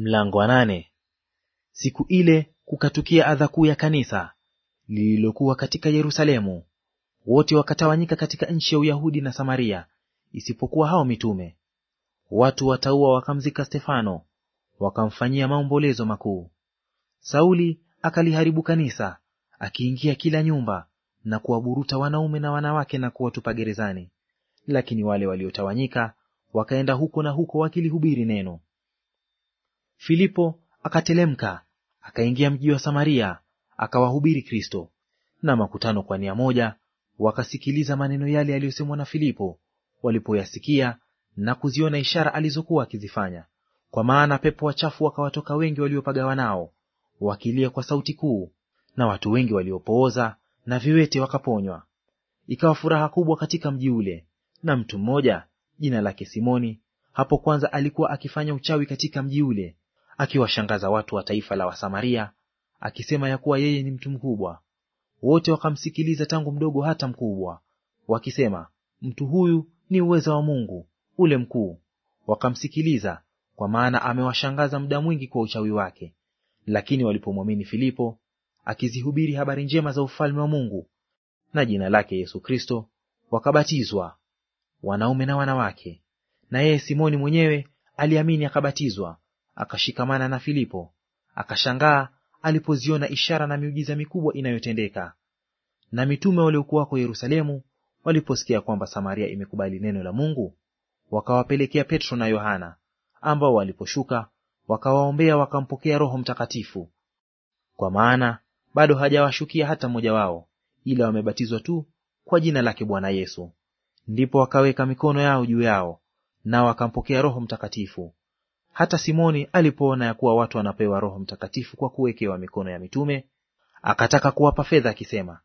Mlango wa nane. Siku ile kukatukia adha kuu ya kanisa lililokuwa katika Yerusalemu. Wote wakatawanyika katika nchi ya Uyahudi na Samaria, isipokuwa hao mitume. Watu wataua wakamzika Stefano, wakamfanyia maombolezo makuu. Sauli akaliharibu kanisa, akiingia kila nyumba na kuwaburuta wanaume na wanawake na kuwatupa gerezani. Lakini wale waliotawanyika wakaenda huko na huko wakilihubiri neno. Filipo akatelemka akaingia mji wa Samaria akawahubiri Kristo. Na makutano kwa nia moja wakasikiliza maneno yale yaliyosemwa na Filipo, walipoyasikia na kuziona ishara alizokuwa akizifanya. Kwa maana pepo wachafu wakawatoka wengi waliopagawa nao, wakilia kwa sauti kuu, na watu wengi waliopooza na viwete wakaponywa. Ikawa furaha kubwa katika mji ule. Na mtu mmoja jina lake Simoni hapo kwanza alikuwa akifanya uchawi katika mji ule, akiwashangaza watu wa taifa la Wasamaria, akisema ya kuwa yeye ni mtu mkubwa. Wote wakamsikiliza tangu mdogo hata mkubwa, wakisema, mtu huyu ni uweza wa Mungu ule mkuu. Wakamsikiliza kwa maana amewashangaza muda mwingi kwa uchawi wake. Lakini walipomwamini Filipo akizihubiri habari njema za ufalme wa Mungu na jina lake Yesu Kristo, wakabatizwa wanaume na wanawake. Na yeye Simoni mwenyewe aliamini akabatizwa, akashikamana na Filipo, akashangaa alipoziona ishara na miujiza mikubwa inayotendeka. Na mitume waliokuwako Yerusalemu waliposikia kwamba Samaria imekubali neno la Mungu, wakawapelekea Petro na Yohana, ambao waliposhuka wakawaombea, wakampokea Roho Mtakatifu, kwa maana bado hajawashukia hata mmoja wao, ila wamebatizwa tu kwa jina lake Bwana Yesu. Ndipo wakaweka mikono yao juu yao, nao wakampokea Roho Mtakatifu. Hata Simoni alipoona ya kuwa watu wanapewa Roho Mtakatifu kwa kuwekewa mikono ya mitume, akataka kuwapa fedha akisema,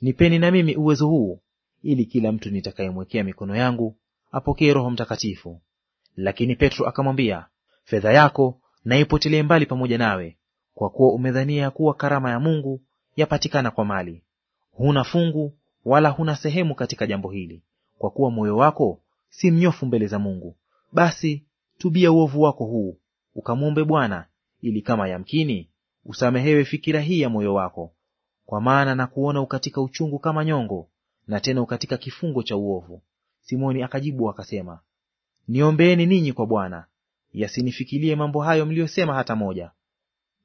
nipeni na mimi uwezo huu, ili kila mtu nitakayemwekea mikono yangu apokee Roho Mtakatifu. Lakini Petro akamwambia, fedha yako na ipotelee mbali pamoja nawe, kwa kuwa umedhania ya kuwa karama ya Mungu yapatikana kwa mali. Huna fungu wala huna sehemu katika jambo hili, kwa kuwa moyo wako si mnyofu mbele za Mungu. Basi tubia uovu wako huu, ukamwombe Bwana, ili kama yamkini usamehewe fikira hii ya moyo wako, kwa maana na kuona ukatika uchungu kama nyongo, na tena ukatika kifungo cha uovu. Simoni akajibu akasema, niombeeni ninyi kwa Bwana, yasinifikilie mambo hayo mliyosema hata moja.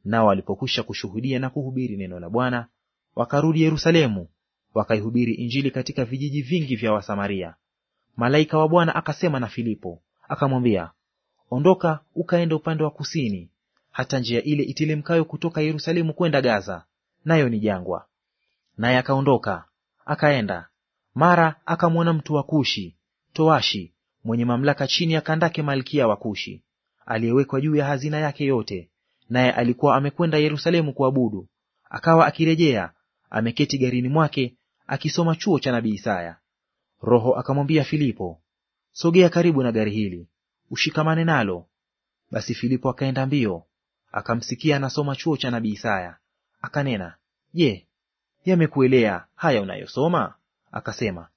Nao walipokwisha kushuhudia na kuhubiri neno la Bwana, wakarudi Yerusalemu, wakaihubiri Injili katika vijiji vingi vya Wasamaria. Malaika wa Bwana akasema na Filipo akamwambia, Ondoka ukaenda upande wa kusini hata njia ile itilimkayo kutoka Yerusalemu kwenda Gaza, nayo ni jangwa. Naye akaondoka akaenda, mara akamwona mtu wa Kushi toashi mwenye mamlaka chini ya Kandake malkia wa Kushi, aliyewekwa juu ya hazina yake yote, naye alikuwa amekwenda Yerusalemu kuabudu. Akawa akirejea ameketi garini mwake akisoma chuo cha nabii Isaya. Roho akamwambia Filipo, sogea karibu na gari hili ushikamane nalo. Basi Filipo akaenda mbio, akamsikia anasoma chuo cha nabii Isaya. Akanena, Je, yamekuelea haya unayosoma? Akasema,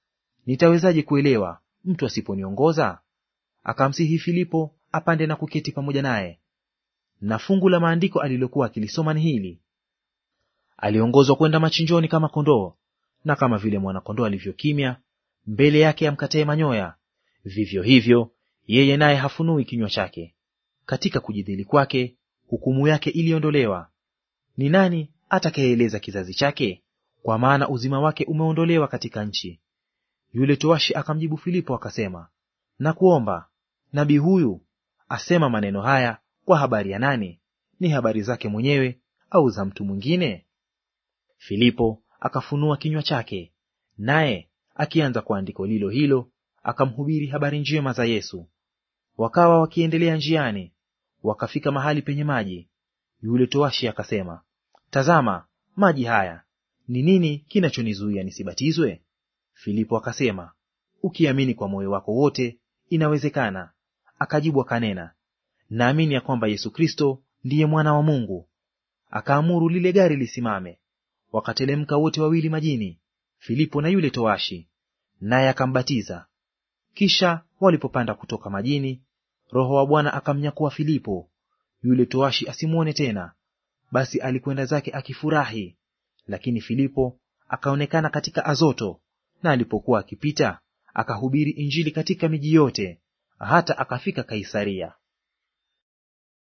nitawezaje kuelewa mtu asiponiongoza? Akamsihi Filipo apande na kuketi pamoja naye. Na fungu la maandiko alilokuwa akilisoma ni hili: aliongozwa kwenda machinjoni kama kondoo, na kama vile mwanakondoo alivyokimya mbele yake amkataye manyoya, vivyo hivyo yeye naye hafunui kinywa chake. Katika kujidhili kwake hukumu yake iliondolewa. Ni nani atakayeeleza kizazi chake? Kwa maana uzima wake umeondolewa katika nchi. Yule towashi akamjibu Filipo akasema, nakuomba, nabii huyu asema maneno haya kwa habari ya nani? Ni habari zake mwenyewe au za mtu mwingine? Filipo akafunua kinywa chake, naye akianza kwa andiko lilo hilo akamhubiri habari njema za Yesu, Wakawa wakiendelea njiani, wakafika mahali penye maji. Yule towashi akasema, tazama, maji haya, ni nini kinachonizuia nisibatizwe? Filipo akasema, ukiamini kwa moyo wako wote inawezekana. Akajibu akanena, naamini ya kwamba Yesu Kristo ndiye mwana wa Mungu. Akaamuru lile gari lisimame, wakatelemka wote wawili majini, Filipo na yule towashi, naye akambatiza. Kisha walipopanda kutoka majini, Roho wa Bwana akamnyakua Filipo, yule toashi asimwone tena. Basi alikwenda zake akifurahi. Lakini Filipo akaonekana katika Azoto, na alipokuwa akipita akahubiri Injili katika miji yote, hata akafika Kaisaria.